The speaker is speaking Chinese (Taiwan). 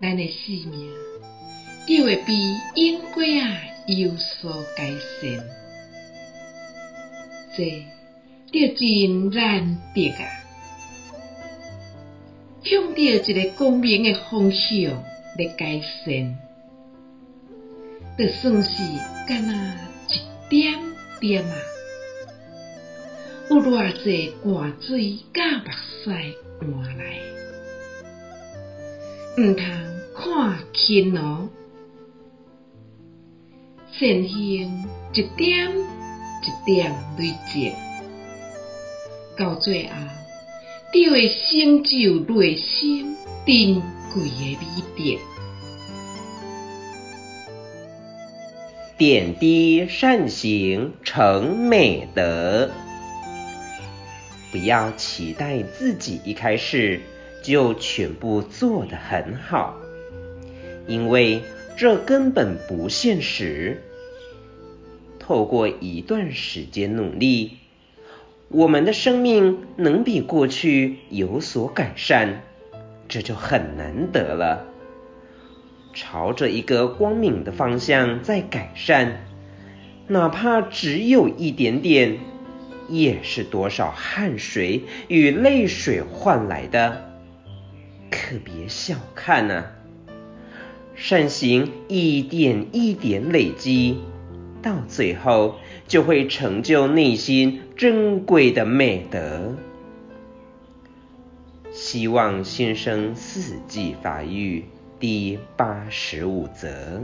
咱的性命，就會比往過啊有所改善。這就真難得啊，向着一個光明的方向來改善，就算是敢若一點點啊，有偌濟汗水甲目屎換來，毋通。看勤勞，善行一點一點累積，到最後，就會成就內心珍貴的美德。點滴善行成美德，不要期待自己一開始就全部做得很好。因為這根本不現實。透過一段時間努力，我們的生命能比過去有所改善，這就很難得了。朝着一個光明的方向在改善，哪怕只有一點點，也是多少汗水與淚水換來的，可別小看啊！善行一點一點累積，到最後就會成就內心珍貴的美德。希望新生四季法語第八十五則。